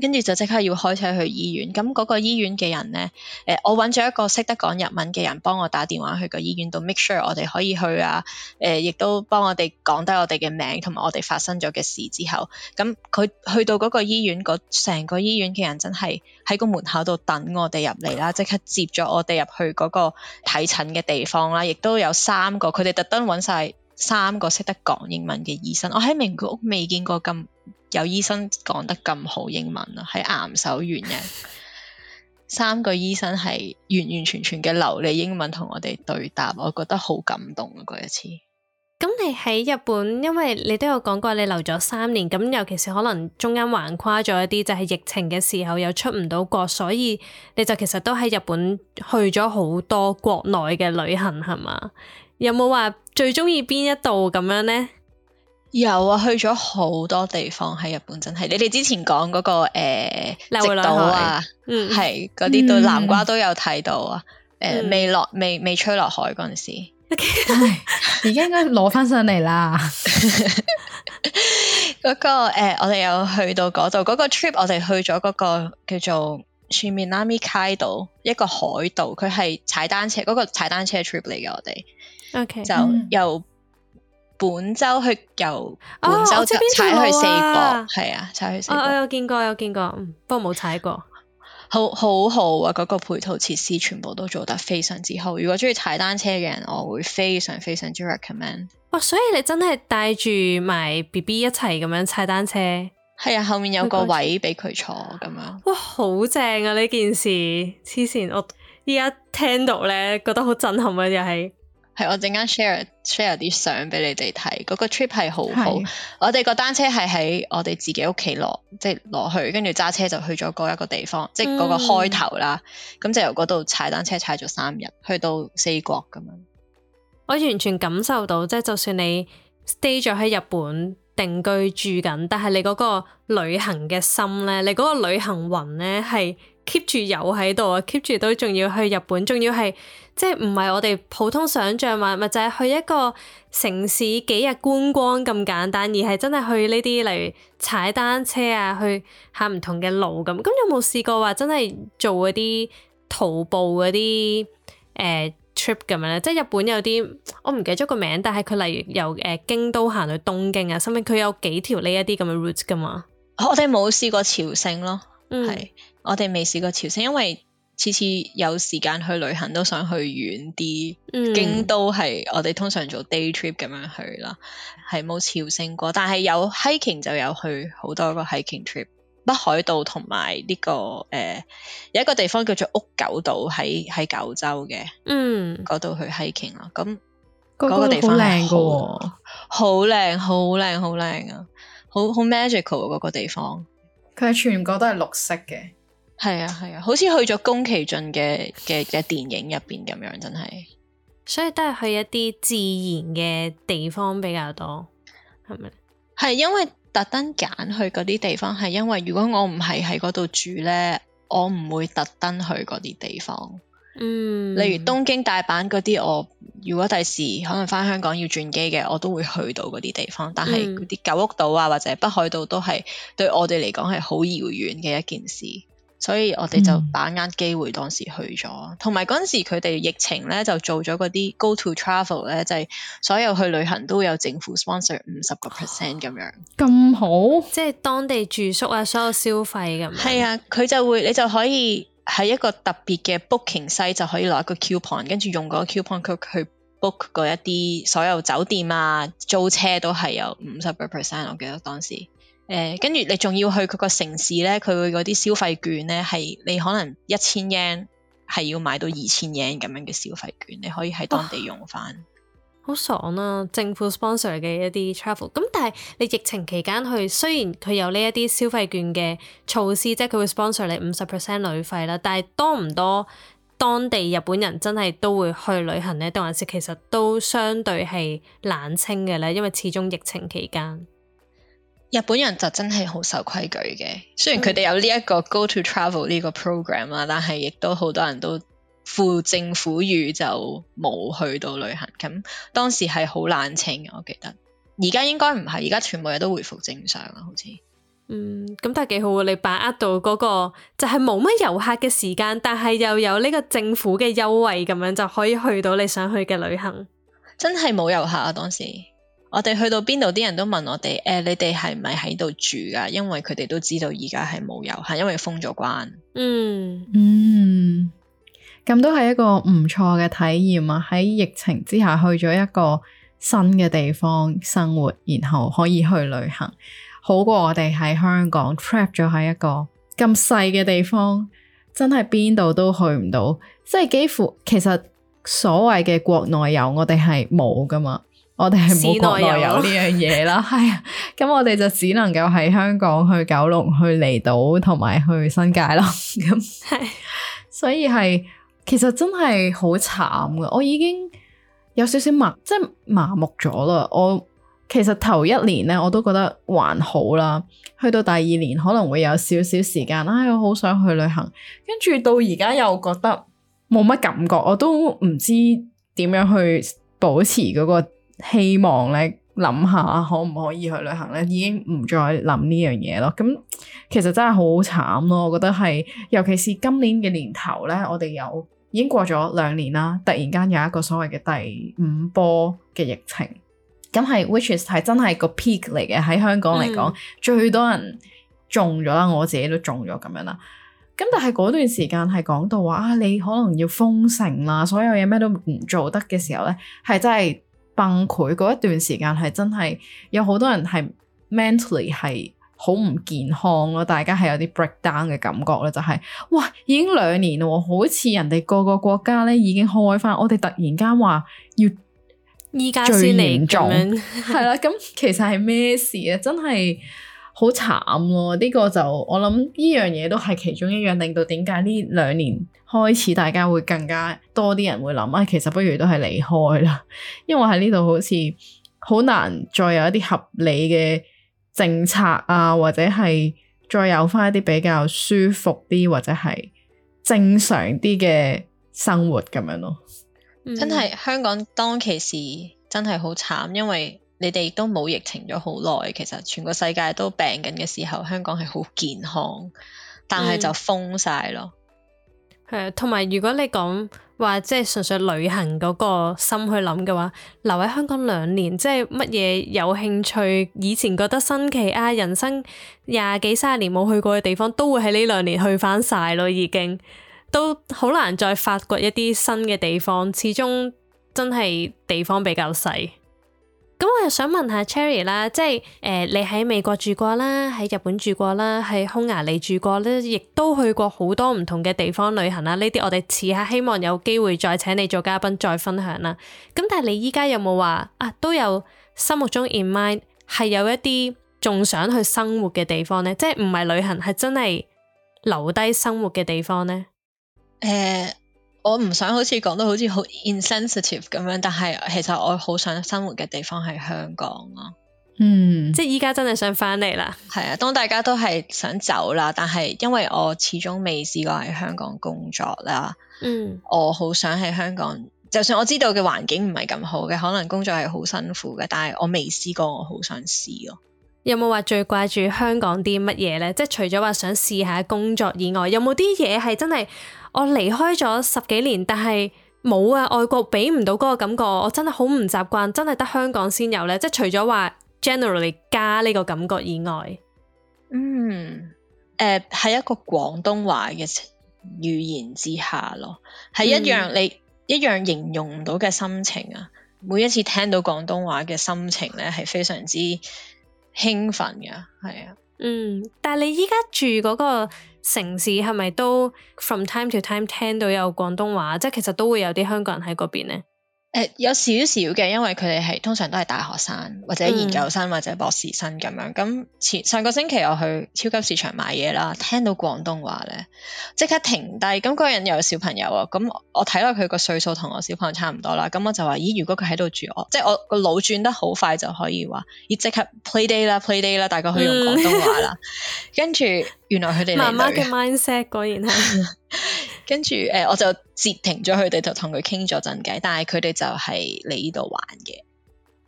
跟住就即刻要開車去醫院，咁嗰個醫院嘅人呢，誒、呃，我揾咗一個識得講日文嘅人幫我打電話去個醫院度，make sure 我哋可以去啊，誒、呃，亦都幫我哋講低我哋嘅名同埋我哋發生咗嘅事之後，咁佢去到嗰個醫院，成個醫院嘅人真係喺個門口度等我哋入嚟啦，即刻接咗我哋入去嗰個睇診嘅地方啦，亦都有三個，佢哋特登揾晒，三個識得講英文嘅醫生，我喺名古屋未見過咁有醫生講得咁好英文啦。喺岩手縣嘅 三個醫生係完完全全嘅流利英文同我哋對答，我覺得好感動啊！嗰一次，咁你喺日本，因為你都有講過你留咗三年，咁尤其是可能中間橫跨咗一啲就係疫情嘅時候又出唔到國，所以你就其實都喺日本去咗好多國內嘅旅行係嘛？有冇話？最中意邊一度咁樣呢？有啊，去咗好多地方喺日本，真係。你哋之前講嗰、那個誒，呃、流海海直島啊，係嗰啲對南瓜都有睇到啊。誒、呃，嗯、未落，未未吹落海嗰陣時，而家應該攞翻上嚟啦。嗰、 那個誒、呃，我哋有去到嗰、那個、度、那個，嗰個 trip 我哋去咗嗰個叫做 Shimanami Kaido, 一個海道，佢係踩單車、那個踩單車 trip 嚟嘅，我哋。OK，就由本州去由本州，哦，踩去四國。係啊，啊，踩去四國。哦。我有見過，有見過，不過冇踩過。好好好啊！嗰個配套設施全部都做得非常之好。如果中意踩單車嘅人，我會非常非常之 recommend。哇，哦！所以你真係帶住埋 B B 一齊咁樣踩單車。係啊，後面有個位俾佢坐咁樣。哇，好正啊！呢件事黐線，我依家聽到咧，覺得好震撼啊。又係。係我陣間 share share 啲相俾你哋睇，嗰、那個 trip 係好好。是我哋個單車係喺我哋自己屋企落，即係落去，跟住揸車就去咗嗰一個地方，即係嗰個開頭啦。咁、嗯、就由嗰度踩單車踩咗三日，去到四國咁樣。我完全感受到，即、就、係、是、就算你 stay 咗喺日本定居住緊，但係你嗰個旅行嘅心咧，你嗰個旅行魂咧，係 keep 住有喺度啊！keep 住都仲要去日本，仲要係。即係唔係我哋普通想象話咪就係、是、去一個城市幾日觀光咁簡單，而係真係去呢啲例如踩單車啊，去行唔同嘅路咁。咁有冇試過話真係做嗰啲徒步嗰啲誒 trip 咁咧？即係日本有啲我唔記得咗個名，但係佢例如由誒京都行去東京啊，甚至佢有幾條呢一啲咁嘅 routes 噶嘛。我哋冇試過朝聖咯，係、嗯、我哋未試過朝聖，因為。次次有時間去旅行，都想去遠啲。嗯、京都係我哋通常做 day trip 咁樣去啦，係冇朝聖過。但係有 hiking 就有去好多個 hiking trip，北海道同埋呢個誒、呃、有一個地方叫做屋久島，喺喺九州嘅，嗯，嗰度去 hiking 啦。咁嗰個地方好靚喎，好靚好靚好靚啊，好好 magical 嗰、啊嗰個地方。佢係全個都係綠色嘅。係啊，係啊，好似去咗宮崎駿嘅嘅嘅電影入邊咁樣，真係。所以都係去一啲自然嘅地方比較多，係咪？係因為特登揀去嗰啲地方，係因為如果我唔係喺嗰度住咧，我唔會特登去嗰啲地方。嗯，例如東京、大阪嗰啲，我如果第時可能翻香港要轉機嘅，我都會去到嗰啲地方。但係嗰啲屋久島啊，或者北海道都係、嗯、對我哋嚟講係好遙遠嘅一件事。所以我哋就把握機會，當時去咗。同埋嗰陣時佢哋疫情咧，就做咗嗰啲 go to travel 咧，就係、是、所有去旅行都有政府 sponsor 五十個 percent 咁樣。咁好，即係當地住宿啊，所有消費咁。係啊，佢就會，你就可以喺一個特別嘅 booking 西就可以攞一個 coupon，跟住用嗰 coupon 去 book 嗰一啲所有酒店啊、租車都係有五十個 percent，我記得當時。誒，跟住你仲要去佢個城市咧，佢會嗰啲消費券咧係你可能一千 yen 係要買到二千 yen 咁樣嘅消費券，你可以喺當地用翻，好爽啊，政府 sponsor 嘅一啲 travel 咁，但係你疫情期間去，雖然佢有呢一啲消費券嘅措施，即係佢會 sponsor 你五十 percent 旅費啦，但係多唔多當地日本人真係都會去旅行咧？定還是其實都相對係冷清嘅咧？因為始終疫情期間。日本人就真係好守規矩嘅，雖然佢哋有呢一個 Go to Travel 呢個 program 啊、嗯，但係亦都好多人都負政府預就冇去到旅行。咁當時係好冷清嘅，我記得。而家應該唔係，而家全部嘢都回復正常啦，好似。嗯，咁但係幾好喎！你把握到嗰個就係冇乜遊客嘅時間，但係又有呢個政府嘅優惠咁樣，就可以去到你想去嘅旅行。真係冇遊客啊！當時。我哋去到邊度，啲人都問我哋：誒、哎，你哋係唔係喺度住噶？因為佢哋都知道而家係冇遊客，係因為封咗關。嗯嗯，咁、 嗯、都係一個唔錯嘅體驗啊！喺疫情之下，去咗一個新嘅地方生活，然後可以去旅行，好過我哋喺香港 trap 咗喺一個咁細嘅地方，真係邊度都去唔到，即係幾乎其實所謂嘅國內遊，我哋係冇噶嘛。我哋係冇國內遊呢樣嘢啦，係啊，咁我哋就只能夠喺香港去九龍、去離島同埋去新界咯。咁，所以係其實真係好慘噶。我已經有少少麻，即係麻木咗啦。我其實頭一年咧，我都覺得還好啦。去到第二年可能會有少少時間，唉、哎，我好想去旅行。跟住到而家又覺得冇乜感覺，我都唔知點樣去保持嗰個。希望咧，諗下可唔可以去旅行咧，已經唔再諗呢樣嘢咯。咁其實真係好慘咯，我覺得係，尤其是今年嘅年頭咧，我哋有已經過咗兩年啦，突然間有一個所謂嘅第五波嘅疫情，咁係 which is 係真係個 peak 嚟嘅，喺香港嚟講，嗯、最多人中咗啦，我自己都中咗咁樣啦。咁但係嗰段時間係講到話啊，你可能要封城啦，所有嘢咩都唔做得嘅時候咧，係真係。崩潰嗰一段時間係真係有好多人係 mentally 係好唔健康咯，大家係有啲 breakdown 嘅感覺咧，就係、是，哇已經兩年咯，好似人哋個個國家咧已經開翻，我哋突然間話要依家先嚟咁樣， 係啦，咁其實係咩事啊？真係。好慘咯、哦！呢、這個就我諗呢樣嘢都係其中一樣，令到點解呢兩年開始大家會更加多啲人會諗啊，其實不如都係離開啦，因為喺呢度好似好難再有一啲合理嘅政策啊，或者係再有返一啲比較舒服啲或者係正常啲嘅生活咁樣咯。嗯、真係香港當其時真係好慘，因為。你哋都冇疫情咗好耐，其實全個世界都病緊嘅時候，香港係好健康，但係就封晒咯。係啊、嗯，同、嗯、埋如果你講話即係純粹旅行嗰個心去諗嘅話，留喺香港兩年，即係乜嘢有興趣，以前覺得新奇啊，人生廿幾三十年冇去過嘅地方，都會喺呢兩年去翻晒咯，已經都好難再發掘一啲新嘅地方，始終真係地方比較細。咁我又想問下 Cherry 啦，即係誒、呃、你喺美國住過啦，喺日本住過啦，喺匈牙利住過咧，亦都去過好多唔同嘅地方旅行啦。呢啲我哋遲下希望有機會再請你做嘉賓再分享啦。咁但係你依家有冇話啊？都有心目中 in mind 係有一啲仲想去生活嘅地方呢？即係唔係旅行係真係留低生活嘅地方呢？誒、uh。我唔想好似講到好似好 insensitive 咁樣，但係其實我好想生活嘅地方係香港咯啊。嗯，即係依家真係想翻嚟啦。係啊，當大家都係想走啦，但係因為我始終未試過喺香港工作啦。嗯，我好想喺香港，就算我知道嘅環境唔係咁好嘅，可能工作係好辛苦嘅，但係我未試過我試，我好想試咯。有冇話最掛住香港啲乜嘢呢？即係除咗話想試下工作以外，有冇啲嘢係真係我離開咗十幾年，但係冇啊？外國俾唔到嗰個感覺，我真係好唔習慣，真係得香港先有呢。即係除咗話 Generally 加呢個感覺以外，嗯，誒、呃，係一個廣東話嘅語言之下咯，係一樣你一樣形容唔到嘅心情啊。嗯、每一次聽到廣東話嘅心情咧，係非常之。興奮嘅，係啊，嗯，但係你依家住嗰個城市係咪都 from time to time 聽到有廣東話，即係其實都會有啲香港人喺嗰邊呢？誒，uh, 有少少嘅，因為佢哋係通常都係大學生或者研究生或者博士生咁、嗯、樣。咁前上個星期我去超級市場買嘢啦，聽到廣東話咧，即刻停低。咁、那、嗰、個，人又有小朋友啊，咁我睇落佢個歲數同我小朋友差唔多啦。咁我就話，咦，如果佢喺度住我，即係我個腦轉得好快就可以話，要即刻 play day 啦，play day 啦，大概可以用廣東話啦。嗯、 跟住。原來佢哋嚟到嘅，媽媽嘅 mindset 果然係。 跟住誒、呃，我就截停咗佢哋，就同佢傾咗陣偈。但係佢哋就係嚟呢度玩嘅。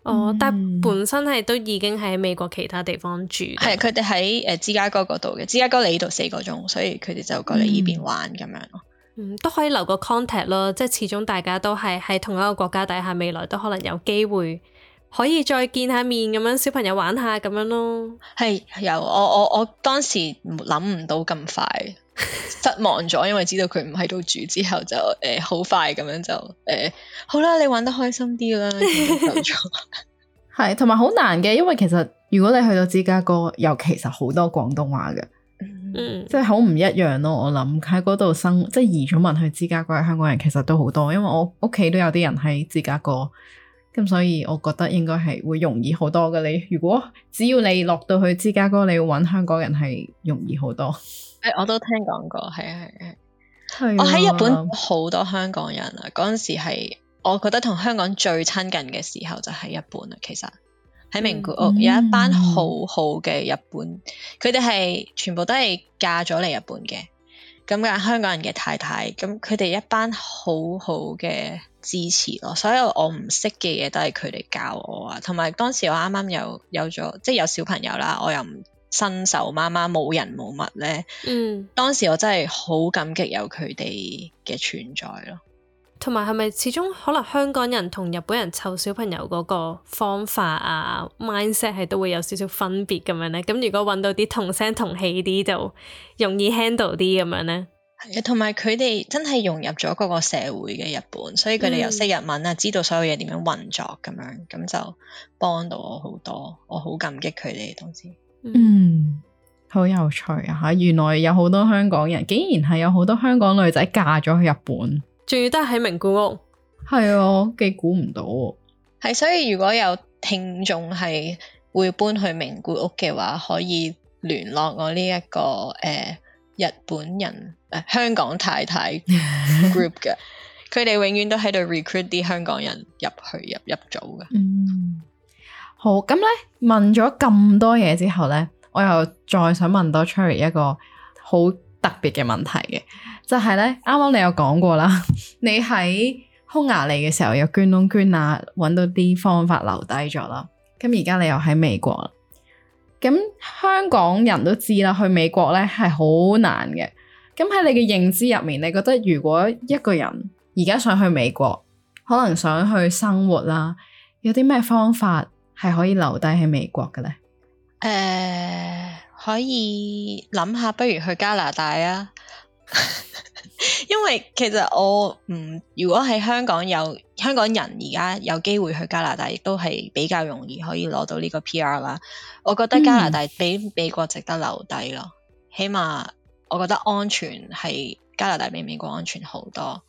哦，但本身係都已經喺美國其他地方住。係、嗯，佢哋喺誒芝加哥嗰度嘅。芝加哥嚟呢度四個鐘，所以佢哋就過嚟呢邊玩咁樣咯。嗯，都可以留個 contact 咯，即係始終大家都係喺同一個國家底下，未來都可能有機會。可以再見下面咁樣，小朋友玩下咁樣咯。係由我我我當時諗唔到咁快，失望咗，因為知道佢唔喺度住之後，就誒好、呃、快咁樣就誒、呃、好啦，你玩得開心啲啦。走係同埋好難嘅，因為其實如果你去到芝加哥，又其實好多廣東話嘅，嗯，即係好唔一樣咯。我諗喺嗰度生即係、就是、移咗民去芝加哥嘅香港人，其實都好多，因為我屋企都有啲人喺芝加哥。咁所以，我覺得應該係會容易好多嘅。你如果只要你落到去芝加哥，你揾香港人係容易好多。誒、欸，我都聽講過，係啊，係啊，係。我喺日本好多香港人啊！嗰陣時係我覺得同香港最親近嘅時候就係日本啊。其實喺名古屋有一班好好嘅日本，佢哋係全部都係嫁咗嚟日本嘅，咁嘅香港人嘅太太。咁佢哋一班好好嘅。支持咯，所以我唔識嘅嘢都係佢哋教我啊，同埋當時我啱啱有有咗，即係有小朋友啦，我又唔新手媽媽，冇人冇物咧。嗯，當時我真係好感激有佢哋嘅存在咯。同埋係咪始終可能香港人同日本人湊小朋友嗰個方法啊，mindset 係都會有少少分別咁樣咧。咁如果揾到啲同聲同氣啲就容易 handle 啲咁樣咧。同埋佢哋真係融入咗嗰個社會嘅日本，所以佢哋又識日文啊，嗯、知道所有嘢點樣運作咁樣，咁就幫到我好多，我好感激佢哋。當時，嗯，好有趣嚇、啊，原來有好多香港人，竟然係有好多香港女仔嫁咗去日本，仲要得喺名古屋，係啊，幾估唔到啊！係，所以如果有聽眾係會搬去名古屋嘅話，可以聯絡我呢、這、一個誒。呃日本人誒、呃，香港太太 group 嘅，佢哋 永遠都喺度 recruit 啲香港人入去入入組嘅。嗯，好，咁咧問咗咁多嘢之後咧，我又再想問多 Cherry 一個好特別嘅問題嘅，就係、是、咧，啱啱你有講過啦， 你喺匈牙利嘅時候又捐窿捐罅，揾到啲方法留低咗啦，咁而家你又喺美國。咁香港人都知啦，去美國咧係好難嘅。咁喺你嘅認知入面，你覺得如果一個人而家想去美國，可能想去生活啦，有啲咩方法係可以留低喺美國嘅咧？誒，uh, 可以諗下，不如去加拿大啊！ 因為其實我唔如果喺香港有香港人而家有機會去加拿大，亦都係比較容易可以攞到呢個 PR 啦。我覺得加拿大比美國值得留低咯，嗯、起碼我覺得安全係加拿大比美國安全好多。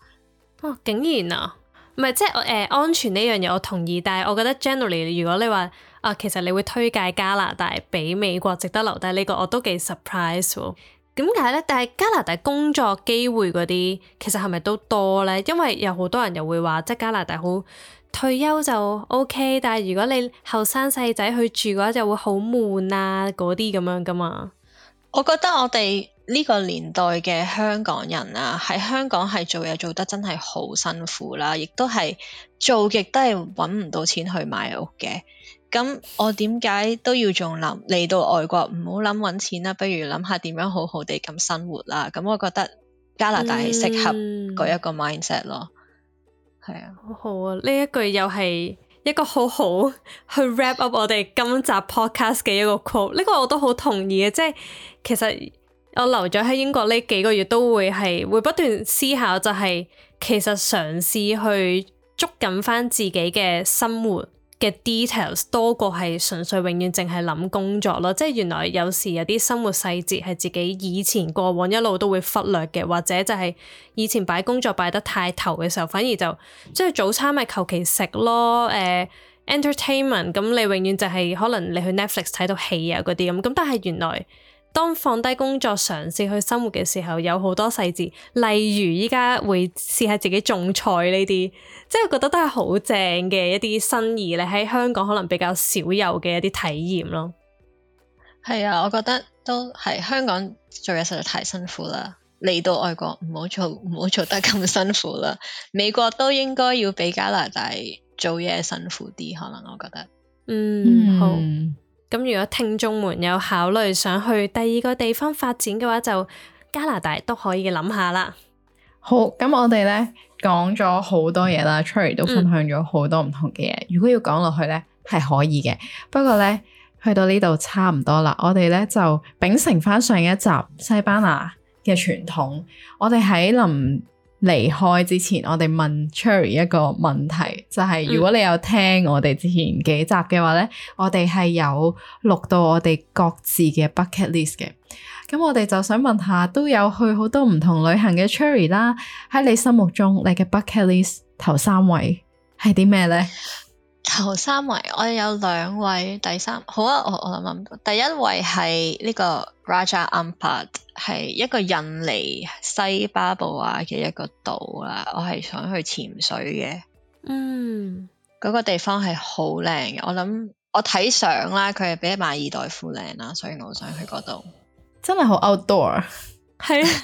哦，竟然啊，唔係即係誒、呃，安全呢樣嘢我同意，但係我覺得 generally 如果你話啊、呃，其實你會推介加拿大比美國值得留低呢、這個我、啊，我都幾 surprise 喎。點解咧？但係加拿大工作機會嗰啲，其實係咪都多咧？因為有好多人又會話，即係加拿大好退休就 OK，但係如果你後生細仔，去住嘅話，就會好悶啊嗰啲咁樣噶嘛。我覺得我哋呢個年代嘅香港人啊，喺香港係做嘢，做得真係好辛苦啦，亦都係做極都係揾唔到錢去買屋嘅。咁我點解都要仲諗嚟到外國？唔好諗揾錢啦，不如諗下點樣好好地咁生活啦。咁我覺得加拿大係適合嗰一個 mindset 咯、嗯。係啊的，好好啊！呢一句又係一個好好去 wrap up 我哋今集 podcast 嘅一個 quote。呢個我都好同意嘅，即係其實我留咗喺英國呢幾個月都會係會不斷思考、就係，就係其實嘗試去捉緊翻自己嘅生活。嘅 details 多過係純粹永遠淨係諗工作咯，即係原來有時有啲生活細節係自己以前過往一路都會忽略嘅，或者就係以前擺工作擺得太頭嘅時候，反而就即係、就是、早餐咪求其食咯。誒、呃，entertainment 咁你永遠就係可能你去 Netflix 睇到戲啊嗰啲咁，咁但係原來當放低工作嘗試去生活嘅時候，有好多細節，例如依家會試下自己種菜呢啲。即係覺得都係好正嘅一啲新意，你喺香港可能比較少有嘅一啲體驗咯。係啊，我覺得都係香港做嘢實在太辛苦啦。嚟到外國唔好做，唔好做得咁辛苦啦。 美國都應該要比加拿大做嘢辛苦啲，可能我覺得。嗯，好。咁、嗯、如果聽眾們有考慮想去第二個地方發展嘅話，就加拿大都可以諗下啦。好，咁我哋咧。講咗好多嘢啦，Cherry 都分享咗好多唔同嘅嘢。嗯、如果要講落去呢，係可以嘅。不過呢，去到呢度差唔多啦。我哋呢，就秉承返上，上一集西班牙嘅傳統，我哋喺臨離開之前，我哋問 Cherry 一個問題，就係、是、如果你有聽我哋之前幾集嘅話呢，嗯、我哋係有錄到我哋各自嘅 bucket list 嘅。咁我哋就想問下，都有去好多唔同旅行嘅 Cherry 啦，喺你心目中，你嘅 bucket list 頭三位係啲咩呢？頭三位我有兩位，第三好啊！我我諗諗，第一位係呢個 Raja Ampat，係一個印尼西巴布亞嘅一個島啦。我係想去潛水嘅，嗯，嗰個地方係好靚嘅。我諗我睇相啦，佢係比馬爾代夫靚啦，所以我好想去嗰度。真係好 outdoor，啊，係。是的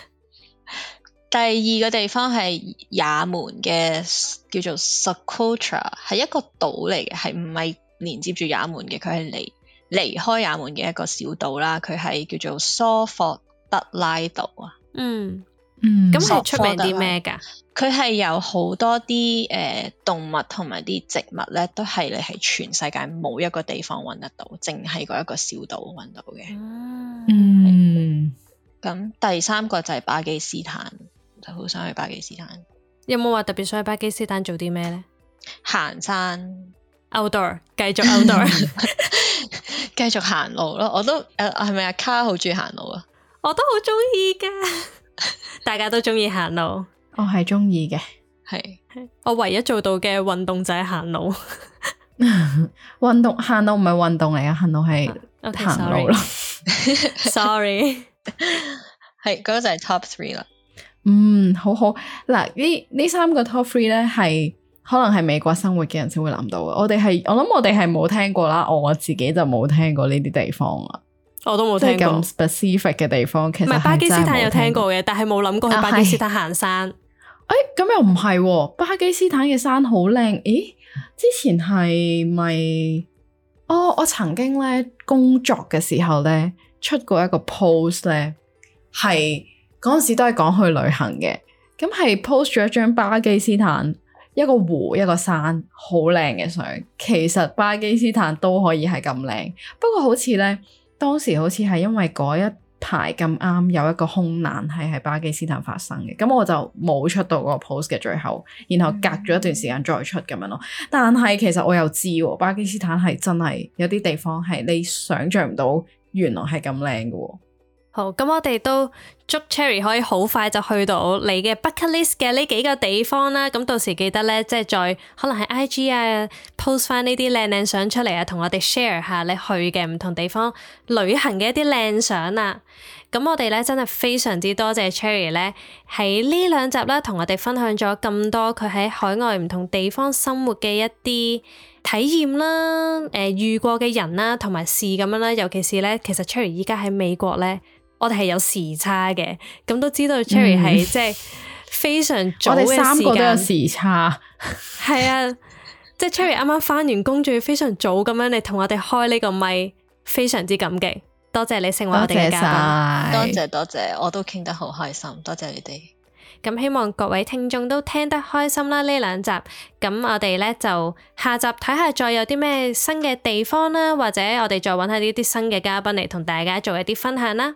第二個地方係也門嘅叫做 Socotra，係一個島嚟嘅，係唔係連接住也門嘅？佢係離離開也門嘅一個小島啦，佢係叫做蘇霍德拉島啊、嗯。嗯嗯，咁係出名啲咩噶？佢係有好多啲誒、呃、動物同埋啲植物咧，都係你係全世界冇一個地方搵得到，淨係嗰一個小島搵到嘅。啊、的嗯，咁第三個就係巴基斯坦，就好想去巴基斯坦。有冇話特別想去巴基斯坦做啲咩咧？行山，outdoor，繼續 outdoor，繼 續行路咯。我都誒，係咪阿卡好中意行路啊？我都好中意噶，大家都中意行路。 我係中意嘅，係我唯一做到嘅運動就係行路。運 動行路唔係運動嚟嘅，行路係行路咯。Sorry，係嗰、嗰個就係 Top Three 啦。嗯，好好嗱，呢呢三個 Top Three 咧，係可能係美國生活嘅人先會諗到。我哋係，我諗我哋係冇聽過啦。我自己就冇聽過呢啲地方啊。我都冇聽咁 specific 嘅地方，其實。巴基斯坦有聽過嘅，但係冇諗過去巴基斯坦行山。誒、啊，咁、欸、又唔係、啊？巴基斯坦嘅山好靚。咦，之前係咪？哦，我曾經咧工作嘅時候咧，出過一個 post 咧，係嗰陣時都係講去旅行嘅。咁係 post 咗一張巴基斯坦一個湖一個山好靚嘅相。其實巴基斯坦都可以係咁靚，不過好似咧。當時好似係因為嗰一排咁啱有一個空難係喺巴基斯坦發生嘅，咁我就冇出到個 post 嘅最後，然後隔咗一段時間再出咁樣咯。嗯、但係其實我又知巴基斯坦係真係有啲地方係你想像唔到，原來係咁靚嘅。好，咁我哋都。祝 Cherry 可以好快就去到你嘅 bucket list 嘅呢幾個地方啦。咁到時記得咧，即係再可能喺 IG 啊 post 翻呢啲靚靚相出嚟啊，同我哋 share 下你去嘅唔同地方旅行嘅一啲靚相啦。咁我哋咧真係非常之多謝 Cherry 咧，喺呢兩集咧同我哋分享咗咁多佢喺海外唔同地方生活嘅一啲體驗啦，誒、呃、遇過嘅人啦，同埋事咁樣啦。尤其是咧，其實 Cherry 依家喺美國咧。我哋係有時差嘅，咁都知道。Cherry 係即係非常早嘅時間，嗯。我哋三個都有時差，係 啊，即係 Cherry 啱啱翻完工，仲要非常早咁樣嚟同我哋開呢個咪，非常之感激。多謝你成為我哋嘅嘉賓，多謝多謝，我都傾得好開心，多謝你哋。咁希望各位聽眾都聽得開心啦。呢兩集咁，我哋咧就下集睇下再有啲咩新嘅地方啦，或者我哋再搵下呢啲新嘅嘉賓嚟同大家做一啲分享啦。